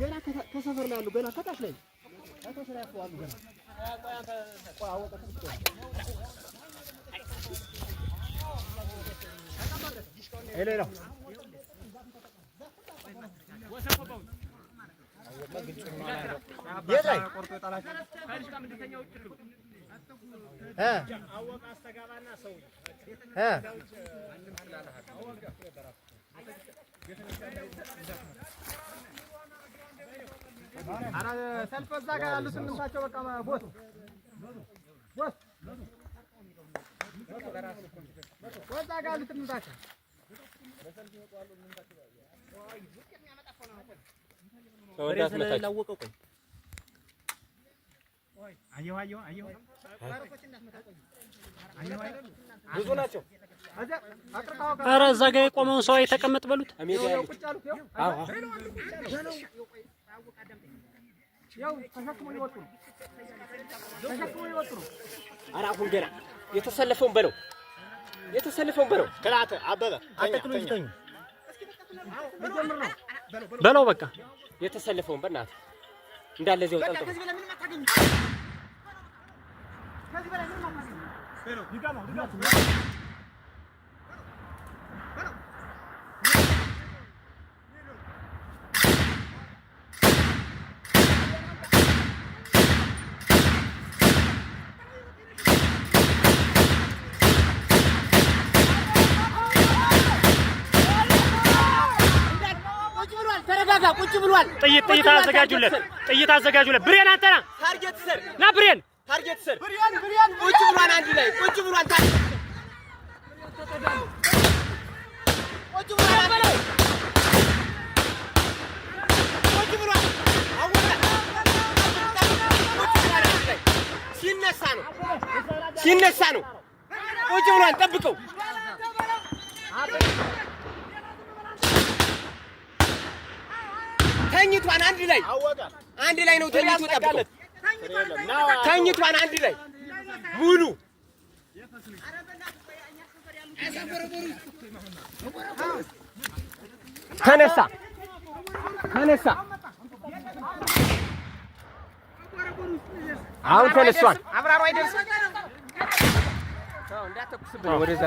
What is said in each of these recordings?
ገና ከሰፈር ላይ ያሉ ገና ከታች ላይ ገና ሰልፍ እዛ ጋር ያሉት እንምታቸው። በቃ ቦቱ እዛ ጋር ያሉት እንምታቸው። ሰው እንዳትመታቸው ብዙ ኧረ እዛ ጋ የቆመውን ሰው የተቀመጥ በሉት። ኧረ አሁን ገና የተሰለፈውን በለው የተሰለፈውን በለው ቅላት አበበ በለው በቃ የተሰለፈውን በእናትህ እንዳለ እዚያው ጠልጥሎ ቁጭ ብሏል። ጥይት ጥይት አዘጋጁለት። ጥይት አዘጋጁለት። ብሬን አንተና ታርጌት ስር ና ብሬን ታርጌት ስር ቁጭ ብሏን አንድ ላይ ቁጭ ብሏን ሲነሳ ነው ሲነሳ ነው። ቁጭ ብሏን ጠብቀው ተኝቷን አንድ ላይ አንድ ላይ ነው ተኝቶ ጠብቀው ተኝቷን አንድ ላይ ሙሉ ተነሳ ተነሳ። አሁን ተነሷል። አብራሩ አይደርስም። እንዳትተኩስብን ወደዛ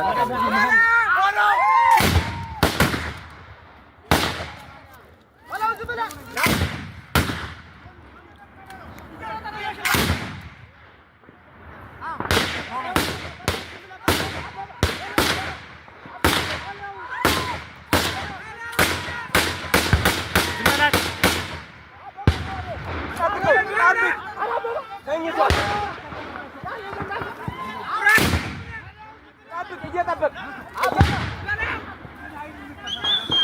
ተኝቷል። ጠብቅ፣ እየጠበቅ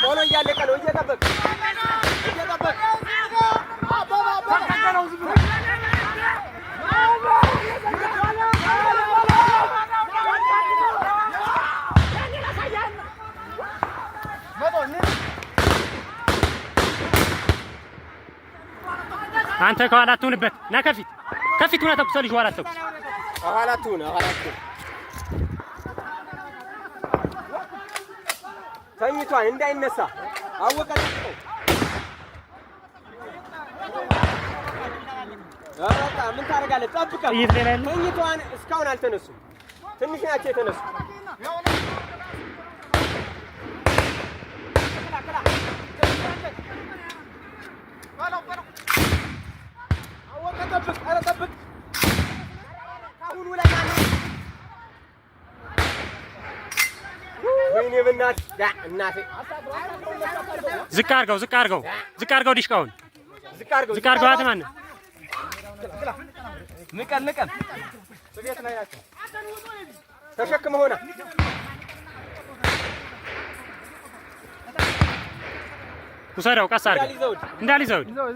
ቶሎ እያለቀ ነው። እየጠበቅ እየጠበቅ አንተ ከኋላ ትሁንበት ና ከፊት ከፊት ሁና ተኩስ ልጅ ኋላ ተኩስ ኋላ ትሁን ኋላ ተኝቷን እንዳይነሳ አወቀ ምን ታደርጋለህ? ጠብቀህ ተኝቷን። እስካሁን አልተነሱም። ትንሽ ናቸው የተነሱ ወይኔ በእናትህ እናቴ ዝቅ አድርገው ዝቅ አድርገው ዝቅ አድርገው ዲሽቃውን ዝቅ አድርገው አትማን ንቀል ንቀል ተሸክመ ሆነ ውሰደው ቀስ አድርገው እንዳልይዘውድ